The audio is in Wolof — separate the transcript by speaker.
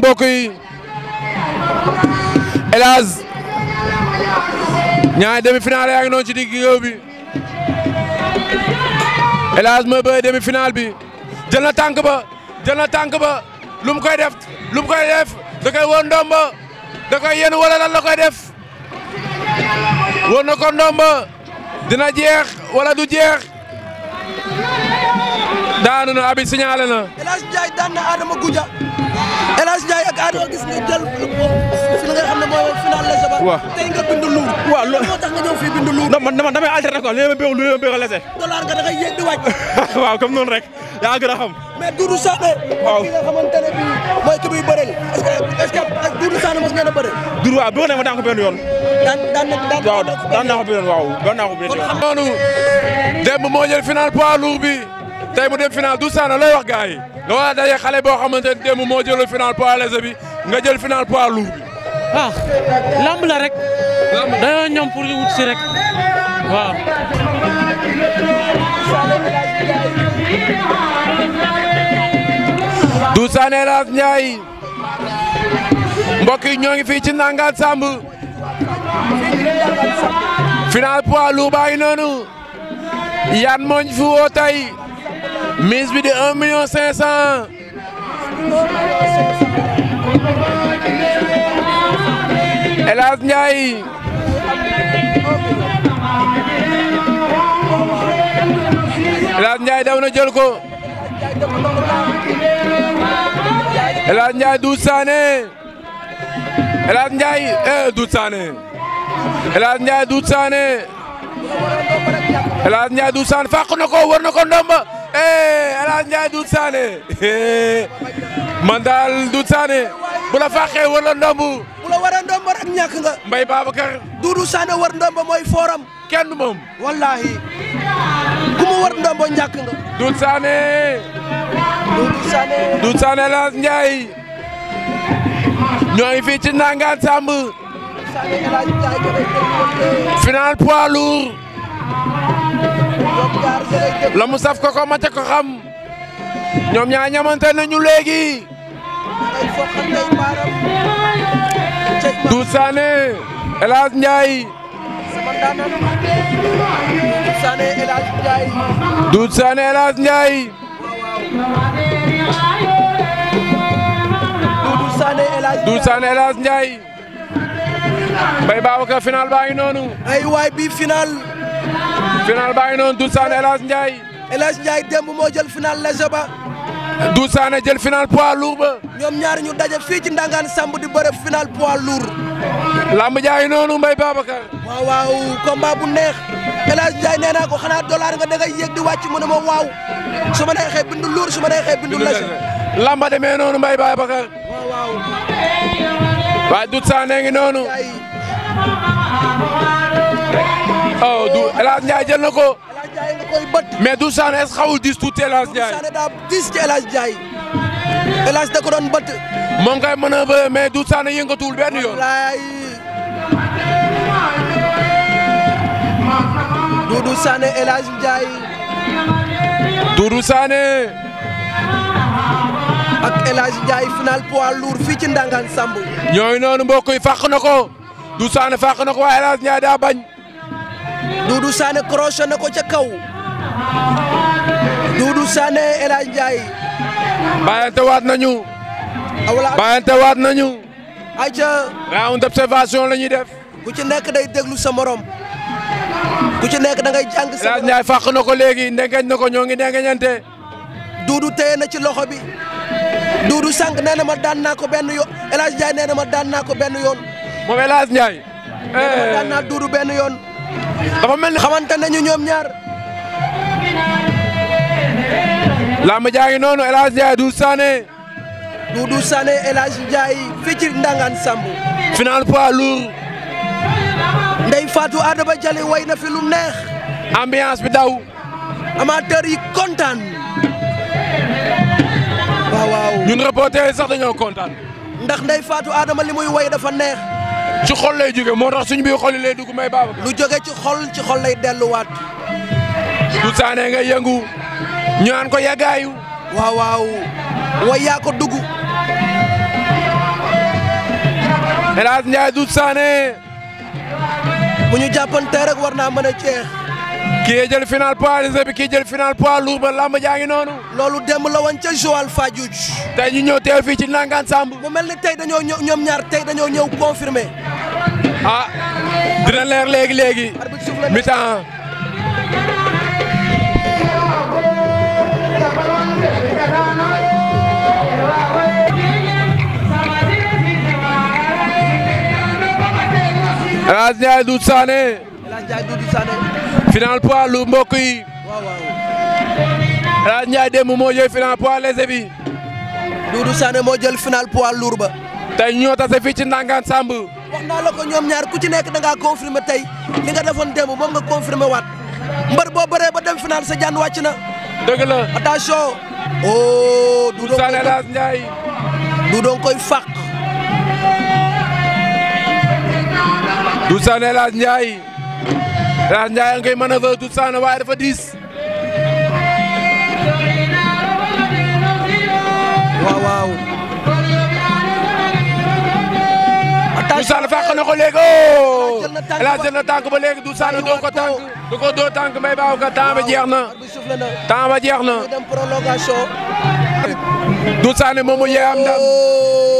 Speaker 1: mbokk yi hélas ñaari yaa ngi noonu ci digg géew bi hélas mooy bëre demi bi jël na tànk ba jël na tànk ba lu koy def lu koy def da koy wër ndomba da koy yéen koy def wër na ko ndomba dina jeex wala du jeex daanu na abi signalé na. El Hadj Ndiaye daan na Adama Goudia El Hadj Ndiaye ak Adama gis nga jël fi nga xam ne mooy final la sabar. waaw tey nga bind luur. waaw loolu moo tax ma bëgg lu ma bëgg a lese. dollar nga da ngay yéeg waaw comme noonu rek yaa gën a xam. mais waaw bii mooy a na ma daan ko yoon. daan na daan na ko yoon daan naa ko benn yoon daan naa ko benn yoon. noonu moo jël final poids lourd bi tey mu looy wax gars nga war a daje xale boo xamante ne moo jëlul final poids léger bi nga jël final poids lourd bi. Ah, rek. dañoo ñoom pour wut si rek waaw. Doudou Sané Elhadj Ndiaye mbokk yi ñoo ngi fii ci Ndangane Samb final poids lourd baa ngi noonu yan mooñ fi woo mise bi di un million cinq cent El Hadj Ndiaye daw na jël ko El Hadj Ndiaye Doudou Sané El Hadj Ndiaye eh Doudou Sané El Hadj Ndiaye Doudou Sané El Hadj Ndiaye Doudou Sané fàq na ko war na ko ndomba Oustaz Ndiaye Doudou Sané nga Mbaye Babacar Doudou Sané war ndomb mooy fooram kenn moom wallaahi ku mu war ndomb nga Doudou Sané Doudou Sané Doudou Sané Elhadj Ndiaye ñoo ngi Samb final poids lourd la mu saf ko ca ko xam ñoom ñaa ñamante nañu léegi Doudou Sané El Hadj Ndiaye Doudou Sané El Hadj Ndiaye Doudou Sané ngi noonu ay waay bi final final baa ngi noonu Doudou Sané El Hadj Ndiaye El Hadj Ndiaye démb moo ba Doudou Sané jël final poids lourd ba. ñoom ñaari ñu daje fii ci Ndangaan Samb di bëre final poids lourd. Lamb jaay noonu Mbaye Babacar. waaw waaw combat bu neex El Hadj Ndiaye nee naa nga dangay yéeg di wàcc mu ne ma waaw su neexee bindu lourd su neexee bindu lase. lamba demee noonu Mbaye Babacar. waaw waaw. waaye Doudou Sané ngi noonu. oh du jël na ko. koy bët. mais Doudou Sané est-ce xawul diis tuuti El Hadj daa diis ci El Hadj Ndiaye. El Hadj da ko doon mën mais Doudou Sané yëngatuwul benn yoon. wallaay. Doudou Sané El Hadj Ndiaye. Doudou Sané. ak El Hadj Ndiaye final poids lourd ci Ndangan Samb. ñooñu noonu mbokk yi fàq na ko. Doudou Sané fàq na ko waaye El Hadj Ndiaye daa bañ. Doudou Sané crochet na ko ca kaw. Doudou Sané El Hadj Ndiaye. bàyyante waat nañu. awla bàyyante waat nañu. ayca. round d'observation la ñuy def. ku ci nekk day déglu sa morom. ku ci nekk dangay ngay jàng sa morom El Hadj na ko léegi ndengeñ na ko ñoo ngi ndengeñante. Doudou téye na ci loxo bi. Doudou sànq nee na ma daan naa ko benn yoon El Hadj Ndiaye nee ma eh. daan naa ko benn yoon. moom El benn yoon. dafa mel ni xamante nañu ñoom ñaar. Lamb jaa ngi noonu El Hadj Ndiaye Doudou Sané. Doudou Sané El Hadj Ndiaye ci Ndangan Samb. final poids lourd. Ndeye Fatou Adama Jali way na fi lu neex. ambiance bi daw. amateur yi kontaan. waaw waaw. ñun reporter yi sax dañoo kontaan. ndax ndey Fatou Adama li muy way dafa neex. ci xol lay jóge moo tax suñu biir xol yi lay dugg may baaba. lu jóge ci xol ci xol lay delluwaat. Doudou Sané nga yëngu ñu naan ko yàggaayu. waaw waaw way yaa ko dugg. El Hadj Ndiaye Doudou Sané. ñu jàppante rek war naa mën a jeex. kii jël final poids léger bi kii jaa ngi noonu. loolu demb la woon ca Joal Fadiouth. ñu ñëw teew fii ci Ndangane Samb. mu mel ni tey dañoo ñëw ñoom ñaar tey dañoo ñëw confirmé. ah dina leer léegi léegi. mi-temps. Elhadj Ndiaye Doudou Sané Elhadj Ndiaye Doudou Sané final poids lu mbokk yi waaw waaw Elhadj Ndiaye démb moo jël final poids léger bi Doudou Sané moo jël final poids lourd ba tey ñoo tase fii ci Ndangaan Samb wax naa la ñoom ñaar ku ci nekk da ngaa tey li nga defoon démb moom nga confirmer waat mbër boo bëree ba dem final sa jaan wàcc na dëgg la attention oh Doudou Sané Duusaan El Hadj Ndiaye El Hadj Ndiaye nga koy manœuvre Duusaan waaye dafa diis. waaw waaw. Duusaan fàq na ko léegi oo El Hadj jël na tànk ba léegi Duusaan doo ko tànk du ko doo tànk may baaw ka temps ba jeex na temps ba jeex na. Duusaan moom mu yee am ndam. Oh.